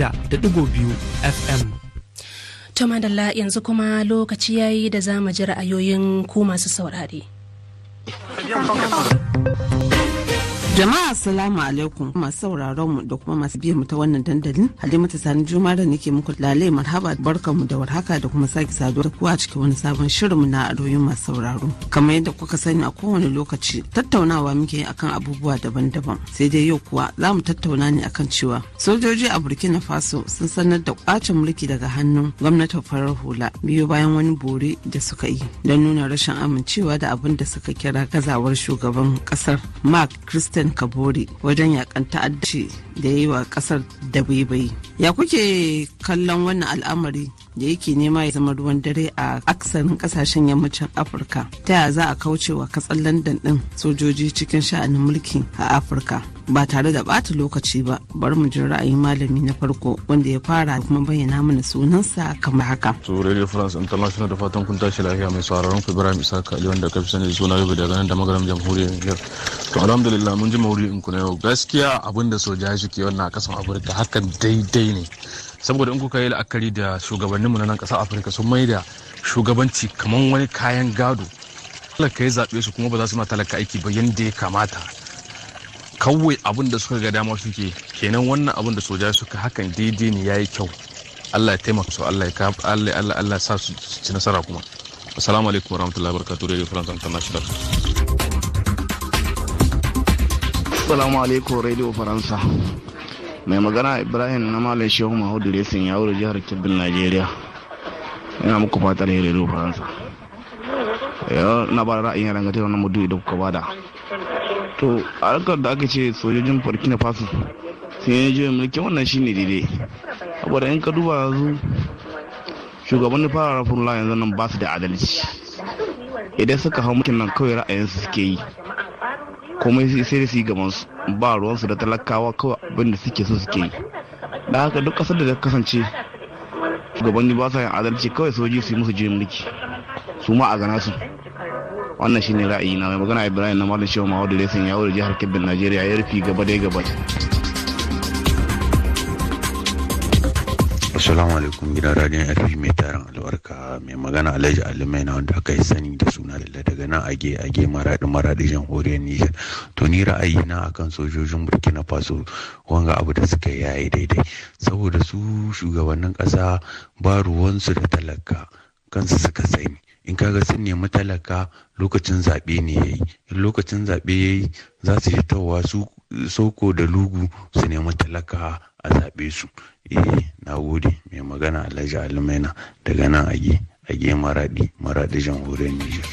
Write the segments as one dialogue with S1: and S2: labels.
S1: 106.2 FM.
S2: To madalla yanzu kuma lokaci ya yi da za mu ji ra'ayoyin ku masu saurare. Jama'a salamu alaikum masu sauraron mu da kuma masu biyan mu ta wannan dandalin Halimatu Sani Juma da nake muku lale marhaba barkan mu da warhaka da kuma sake saduwa da kuwa cikin wani sabon shirin mu na adoyin masu sauraro. Kamar yadda kuka sani a kowane lokaci tattaunawa muke yi akan abubuwa daban-daban sai dai yau kuwa za mu tattauna ne akan cewa sojoji a Burkina Faso sun sanar da kwacin mulki daga hannun gwamnatin farar hula biyo bayan wani bore da suka yi don nuna rashin amincewa da abin da suka kira gazawar shugaban kasar Mark Christian hussein kabori wajen yakan ta'addaci da yi wa kasar da baibai ya kuke kallon wannan al'amari da yake nema ya zama ruwan dare a aksarin kasashen yammacin afirka ta ya za a kauce wa katsalandan din sojoji cikin sha'anin mulki a afirka ba tare da bata lokaci ba bari mu jin ra'ayin malami na farko wanda ya fara kuma bayyana mana sunansa kamar
S3: haka. to radio france international da fatan kun tashi lafiya mai sauraron ku ibrahim isa kali wanda ka fi sani suna yau daga nan da magaram jamhuriyar niger to alhamdulillah mun ji maudu'in ku na yau gaskiya abin da soja ke wannan a kasan afirka hakan daidai ne saboda in kuka yi la'akari da shugabanninmu na nan kasar afirka sun mai da shugabanci kamar wani kayan gado talaka ya zaɓe su kuma ba za su ma talaka aiki ba yadda ya kamata kawai abin da suka ga dama suke kenan wannan abin da soja suka hakan daidai ne ya yi kyau Allah ya taimaka su Allah ya Allah Allah Allah sa su ci nasara kuma assalamu alaikum warahmatullahi wabarakatuh radio france international
S4: assalamu alaikum radio faransa mai magana ibrahim na malam shehu mahudu racing ya wuri jihar kebbin nigeria yana muku fatar radio faransa na ba da ra'ayin rangatai wannan mudu da kuka bada to a harkar da aka ce sojojin burkina faso sun yi juyin mulkin wannan shine daidai saboda in ka duba yanzu shugaban fara rafin yanzu nan ba su da adalci idan suka hau mulkin nan kawai ra'ayinsu suke yi kuma sai da su yi su ba ruwansu da talakawa kawai abin da suke so suke yi da haka duk kasar da ta kasance shugabanni ba sa yin adalci kawai soji su yi musu juyin mulki su ma a gana su wannan shine ra'ayi na mai magana ibrahim na malin shehu mawadu racing ya da jihar kebbin najeriya ya rufi gaba dai gaba
S3: Assalamu alaikum gidan radiyon RP mai tarin albarka mai magana Alhaji Alimai na wanda aka yi sani da suna da daga nan age age maradi maradi jamhuriyar Nijar. To ni ra'ayi na akan sojojin Burkina Faso wanga abu da suka yayi daidai saboda su shugabannin kasa ba ruwansu da talaka kansu suka sani in kaga sun nemi talaka lokacin zaɓe ne ya yi in lokacin zaɓe ya yi za su fitowa su soko da lugu su nemi talaka a zaɓe su eh na gode mai magana alhaji alimaina daga nan a age maraɗi maraɗi jamhuriyar niger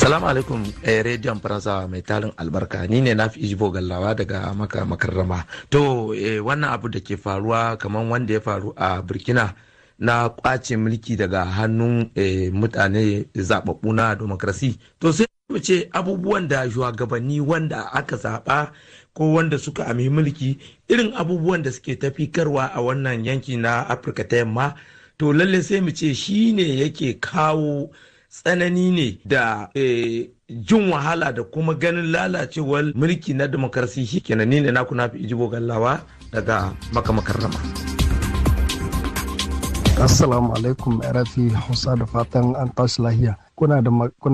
S3: salamu
S4: alaikum eh, rediyon faransa mai talin albarka ni ne na fi ijibo gallawa daga maka makarrama to eh, wannan abu da ke faruwa kamar wanda ya faru a burkina na kwace mulki daga hannun eh, mutane zaɓaɓɓu na demokrasi to sai mu ce abubuwan da shugabanni wanda aka zaɓa ko wanda suka ami mulki irin abubuwan da suke tafikarwa a wannan yanki na afirka ta yamma to lalle sai mu ce shi ne yake kawo tsanani ne da eh, jin wahala da kuma ganin lalacewar mulki na demokrasi shi kenan ne na kuna fi ijibo gallawa daga rama.
S1: Assalamu alaikum Rafi Hausa da fatan an tashi lahiya. Kuna, da,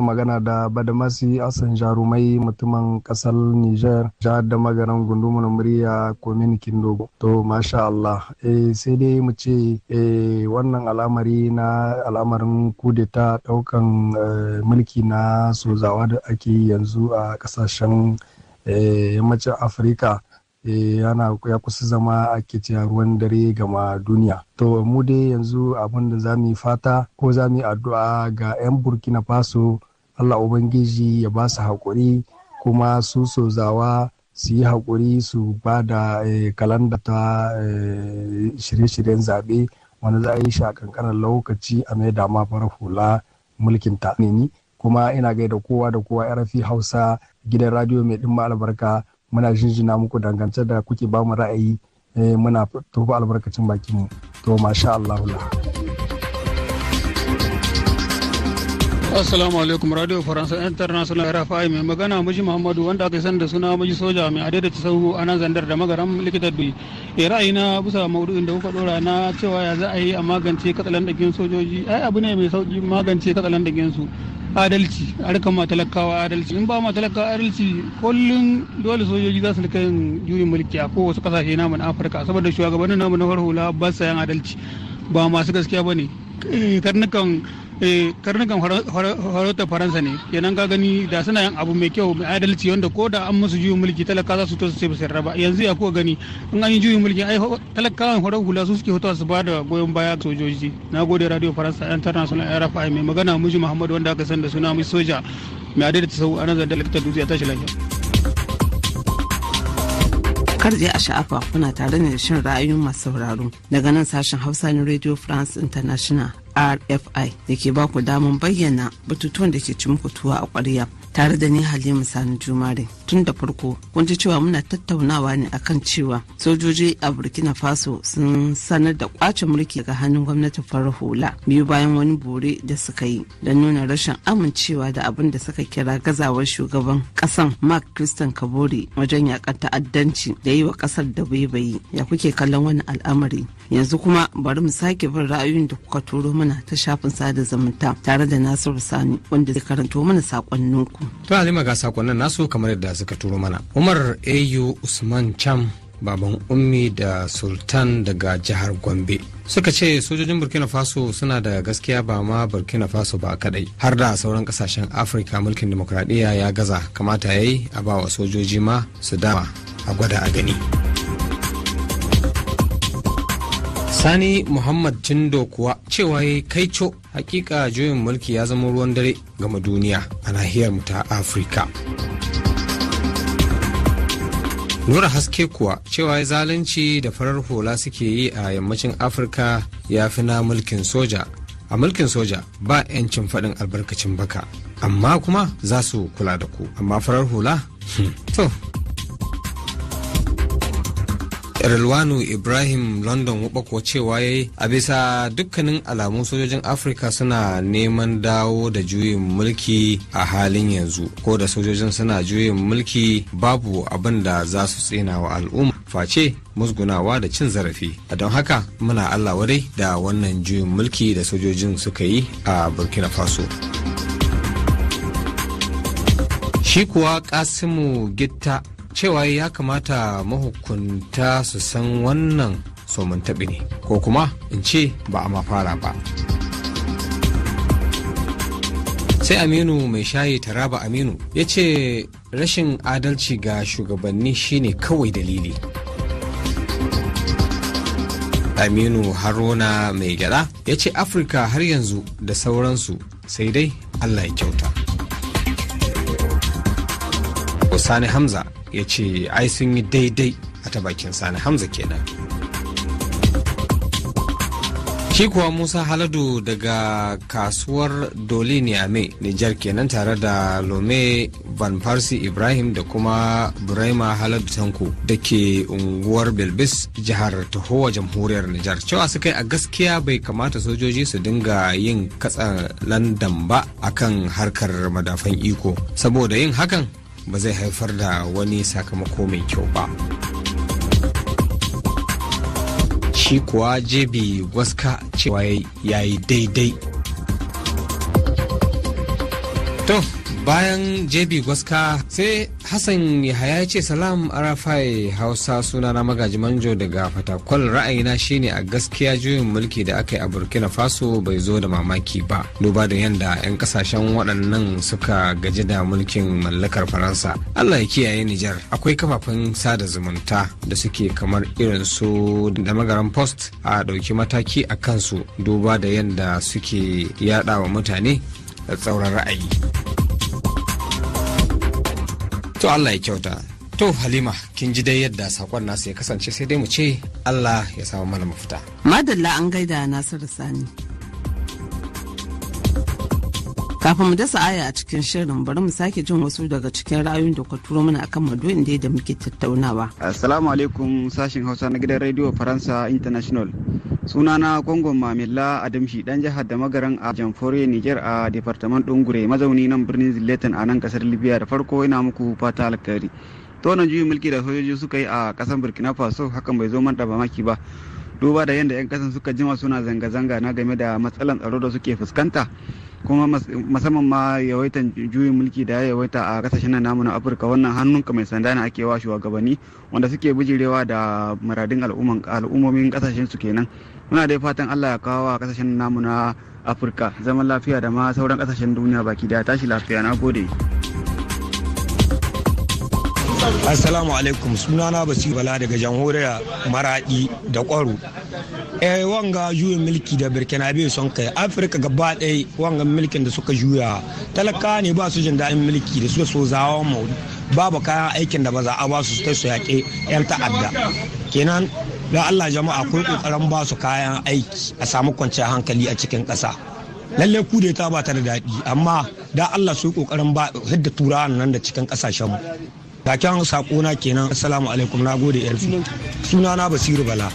S1: magana da Badamasi asan Jarumai mutumin kasar niger jihar da magaran gundumar murya Kominikin Dogo. To, masha Allah, eh, sai dai mu ce e, wannan alamari na alamarin kudeta daukan e, eh, mulki na sozawa da ake yanzu a kasashen yammacin Afirka. yana eh, ya kusa zama a cewa ruwan dare gama duniya to mu dai yanzu abin da za mu yi fata ko za mu yi addu'a ga 'yan burkina faso allah ubangiji ya ba su haƙuri kuma su sozawa su yi haƙuri su ba da eh, kalanda ta eh, shirye-shiryen zaɓe wani za a yi shi a kankanar lokaci a mai dama fara hula mulkin ta kuma ina gaida kowa da kowa rfi hausa gidan radio mai ɗin albarka muna jinjina muku dangance da kuke ba mu ra'ayi eh, muna turba albarkacin bakin mu to masha Allah Assalamu alaikum Radio Faransa
S3: International RFI mai magana miji Muhammadu wanda aka san da suna miji soja mai adai ta sauro a nan zandar da magaran likitar dui. E eh, ra'ayina bisa maudu'in da kuka dora na cewa ya za a yi a magance katsalan sojoji ai abu ne mai sauki magance katsalan su adalci a rika ma talakawa adalci in ba ma talakawa adalci kullum dole sojoji za su rika yin juyin mulki a kowace kasashe namu na afirka saboda shugabannin namu na farhula ba sa yin adalci ba masu gaskiya ba ne eh, karnukan eh karnukan farautar faransa ne kenan ka gani da suna yin abu mai kyau mai adalci wanda ko da an musu juyin mulki talaka za su to su ce su raba yanzu ya kuka gani in an yi juyin mulki ai talakawan farar hula su suke fitowa su ba da goyon baya ga sojoji na gode radio faransa international rfi mai magana muji muhammadu wanda aka san da suna mai soja mai adalci sau a nazar da likitar dutse a tashi lafiya
S2: kar je a sha'afa kuna tare ne da shin ra'ayoyin masu sauraro daga nan sashen hausa na radio france international rfi da ke baku damar bayyana batutuwan da ke ci muku tuwa a ƙwarya tare da ni Halima Sani Jumare. Tun da farko kun ji cewa muna tattaunawa ne akan cewa sojoji a Burkina Faso sun sanar da kwace mulki daga hannun gwamnatin farar hula biyu bayan wani bore da suka yi don nuna rashin amincewa da abin da suka kira gazawar shugaban kasan Mark Christian Kabore wajen yakar ta'addanci da yi wa kasar da bayi ya kuke kallon wani al'amari yanzu kuma bari mu sake bin ra'ayoyin da kuka turo mana ta shafin sada zumunta tare da Nasiru Sani wanda zai karanto mana sakonninku. to halima ga sakonnin nasu kamar yadda suka turo mana umar au usman cham
S5: baban ummi da sultan daga jihar gombe suka ce sojojin burkina faso suna da gaskiya ba ma burkina faso ba kadai har da sauran kasashen afirka mulkin demokradiyya ya gaza kamata ya yi a bawa sojoji ma su dama a gwada a gani. Sani Muhammad Tindo kuwa cewa ya kai co hakika juyin mulki ya zama ruwan dare gama duniya a nahiyar mu ta Afirka. Nura haske kuwa cewa ya zalunci da farar hula suke yi a yammacin Afirka ya fi na mulkin soja. A mulkin soja ba 'yancin faɗin albarkacin baka, amma kuma za su kula da ku, amma farar hula? Hmm, to, Relwanu Ibrahim London Wubako cewa yayi a bisa dukkanin alamun sojojin Afirka suna neman dawo da juyin mulki a halin yanzu ko da sojojin suna juyin mulki babu abin da za su tsina wa al'umma face musgunawa da cin zarafi a don haka muna Allah wadai da wannan juyin mulki da sojojin suka yi a Burkina Faso. Shi kuwa Kasimu Gitta cewa ya kamata mahukunta su san wannan somin taɓi ne ko kuma in ce ba a mafara ba sai aminu mai shayi taraba aminu ya ce rashin adalci ga shugabanni shine kawai dalili aminu haruna mai gyada ya ce afirka har yanzu da sauransu sai dai allah ya kyauta Sani Hamza ya ce ai sun yi daidai a ta bakin sani hamza kenan shi kuwa musa haladu daga kasuwar dole niame nijar kenan tare da lome van farsi ibrahim da kuma burema haladu tanko da ke unguwar belbis jihar tahowa jamhuriyar nijar cewa su kai a gaskiya bai kamata sojoji su dinga yin katsa landan ba akan harkar madafan iko saboda yin hakan ba zai haifar da wani sakamako mai kyau ba shi kuwa jebi gwaska cewa ya yi daidai bayan jb gwaska sai hassan yahaya ce salam arafai hausa suna na magaji manjo daga fatakwal ra'ayina shine a gaskiya juyin mulki da aka yi a burkina faso bai zo da mamaki ba duba da yadda 'yan kasashen waɗannan suka gaji da mulkin mallakar faransa allah ya kiyaye nijar akwai kafafen sada zumunta da suke kamar irin su da magaran post a ɗauki mataki a kansu duba da yadda suke yaɗa wa mutane da tsauran ra'ayi. to Allah ya kyauta to halima kin ji dai yadda sakon nasu ya kasance sai dai mu ce Allah ya samu mana mafita
S2: madalla an gaida nasiru sani kafin mu dasa aya a cikin shirin bari mu sake jin wasu daga cikin ra'ayoyin da ka turo mana akan maduin da muke tattaunawa
S3: assalamu alaikum sashin hausa na gidan radio faransa international sunana kwangon mamilla adamshi dan jihar da magaran a jamfore niger a departament dungure mazauni nan birnin zilletan a nan kasar libya da farko ina muku fata alkhairi to na juyin mulki da sojoji suka yi a kasar burkina faso hakan bai zo man da mamaki ba duba da yadda 'yan kasan suka jima suna zanga-zanga na game da matsalan tsaro da suke fuskanta kuma musamman ma yawaitan juyin mulki da ya yawaita a kasashen nan namu na afirka wannan hannunka mai sanda na ake wa shugabanni wanda suke bijirewa da maradin al'ummomin kasashen su kenan muna da fatan allah ya kawo wa kasashen namu na afirka zaman lafiya da ma sauran kasashen duniya baki da tashi lafiya na gode
S5: assalamu alaikum sunana basi bala daga jamhuriyar maradi da kwaro eh wanga juyin mulki da birkina Faso sun kai afirka gaba ɗaya wanga mulkin da suka juya talaka ne ba su jin daɗin mulki da suka so zawa babu kayan aikin da ba za a ba su ta su yaƙe 'yan ta'adda kenan don allah jama'a akwai kokarin ba su kayan aiki a samu kwanciyar hankali a cikin ƙasa lalle ku da ta ba da daɗi amma da allah su kokarin ba hidda turawa nan da cikin mu. mu kyan sakona kenan assalamu alaikum na gode yarfi
S2: sunana basiru bala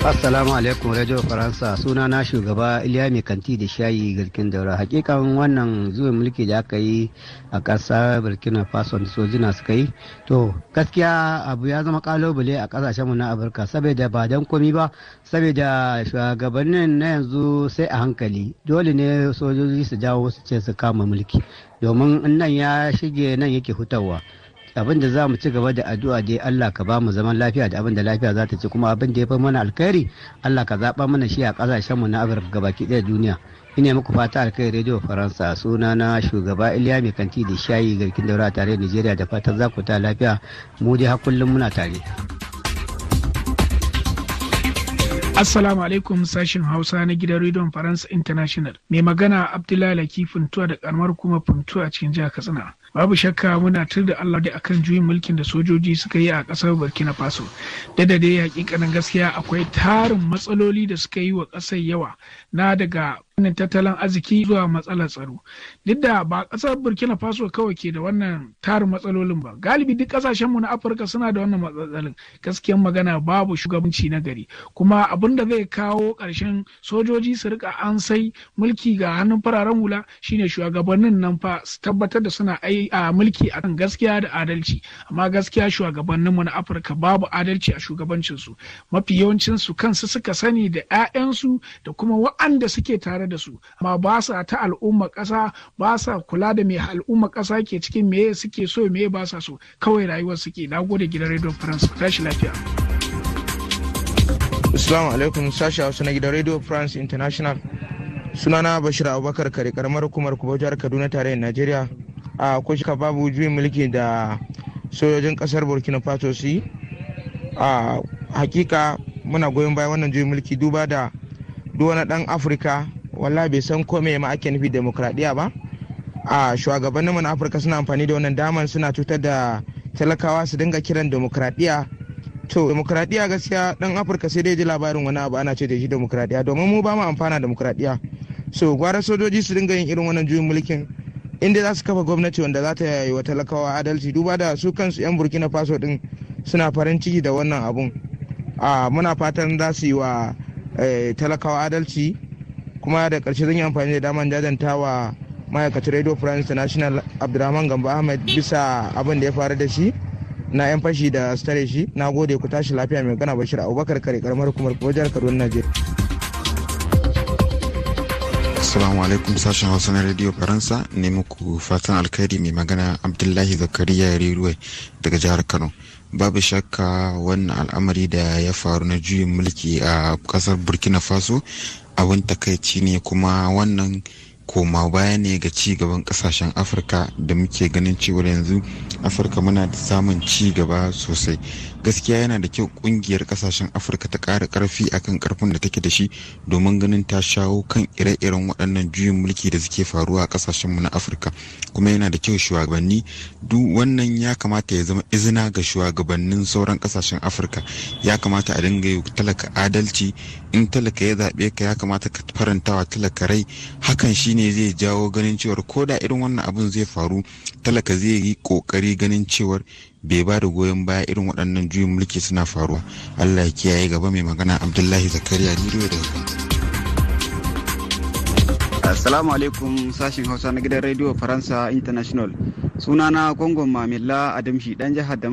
S2: Assalamu alaikum Radio Faransa suna na shugaba Iliya mai kanti da shayi garkin daura hakikan wannan zuwa mulki da aka yi a ƙasa Burkina Faso da sojina suka yi to gaskiya abu ya zama kalubale a ƙasashen mu na Afirka saboda ba dan komi ba saboda shugabannin na yanzu sai a hankali dole ne sojoji su jawo su ce su kama mulki domin nan ya shige nan yake hutawa abin da za mu ci gaba da addu'a dai Allah ka ba mu zaman lafiya da abin da lafiya za ta ci kuma abin da ya fi mana alkhairi Allah ka zaɓa mana shi a ƙasashen mu na Afirka gabaki ɗaya duniya ina muku fata alkhairi rediyo Faransa suna na shugaba Iliya mai kanti da shayi garkin daura tare da Nigeria da fatan za ku ta lafiya mu dai har kullum muna tare.
S6: Assalamu alaikum sashin Hausa na gidan Rediyon Faransa International. Mai magana Abdullahi lakifin tuwa da karamar kuma Funtuwa cikin jihar Katsina. babu shakka muna tur da allah da akan juyin mulkin da sojoji suka yi a kasar burkina faso da da dai hakikanin gaskiya akwai tarin matsaloli da suka yi wa kasar yawa na daga wannan tattalin arziki zuwa matsalar tsaro duk da ba kasar burkina faso kawai ke da wannan tarin matsalolin ba galibi duk kasashen mu na afirka suna da wannan matsalolin Gaskiya magana babu shugabanci na gari kuma abin da zai kawo ƙarshen sojoji su rika an sai mulki ga hannun fararen hula shine shugabannin nan fa su tabbatar da suna aiki mulki a kan gaskiya da adalci amma gaskiya shugabanninmu na Afirka babu adalci a shugabancinsu mafi yawancinsu kansu suka sani da 'ya'yansu da kuma wa'anda suke tare da su amma ba sa ta al'umma ƙasa ba sa kula da me al'umma ƙasa ke cikin me suke so me ba sa so kawai rayuwar suke nagode gidan Radio France tashi lafiya Assalamu
S4: alaikum sashi Hausa na gidan Radio France International sunana Bashir Abubakar kare karamar hukumar kuma jihar Kaduna tarayyar Najeriya a kushka babu juyin mulki da sojojin kasar burkina faso su yi a hakika muna goyon bayan wannan juyin mulki duba da duwana dan afirka wala bai san kome ma ake nufi demokradiyya ba a shugabanninmu na afirka suna amfani da wannan daman suna cutar da talakawa su dinga kiran demokradiyya to demokradiyya gaskiya dan afirka sai dai ji labarin wani abu ana ce da shi demokradiyya domin mu ba mu amfana demokradiyya so gwara sojoji su dinga yin irin wannan juyin mulkin inda za su kafa gwamnati wanda za ta yi wa talakawa adalci duba da su kansu 'yan burkina faso din suna farin ciki da wannan abun muna fatan za su yi wa eh, talakawa adalci kuma da ƙarshe zan yi amfani da daman jajanta wa ma'aikacin radio france international abdulrahman gamba ahmed bisa abin da ya faru da shi na 'yan fashi da stare shi na gode ku tashi lafiya mai gana bashir abubakar kare karamar hukumar wajen kaduna najeriya
S3: Assalamu alaikum sashen Hausa na Radio Faransa ne muku fatan alkhairi mai magana Abdullahi Zakariya Riruwai daga jihar Kano. Babu shakka wannan al'amari da ya faru na juyin mulki a kasar Burkina Faso abin takaici ne kuma wannan koma baya ne ga ci gaban kasashen afirka da muke ganin cewar yanzu afirka muna da samun ci gaba sosai gaskiya yana da kyau kungiyar kasashen afirka ta ƙara ƙarfi akan ƙarfin da take da shi domin ganin ta shawo kan ire-iren waɗannan juyin mulki da suke faruwa a mu na afirka kuma yana da kyau shugabanni duk wannan ya kamata ya zama izina ga shugabannin sauran kasashen afirka ya kamata a dinga yi talaka adalci in talaka ya zaɓe ka ya kamata ka farantawa talaka rai hakan shine shine zai jawo ganin cewar ko da irin wannan abun zai faru talaka zai yi kokari ganin cewar bai ba da goyon baya irin waɗannan juyin mulki suna faruwa allah ya kiyaye gaba mai magana abdullahi zakariya niro daga kan Assalamu alaikum sashin Hausa na gidan Radio Faransa International. Sunana Gongon Mamilla Adamshi dan jihar da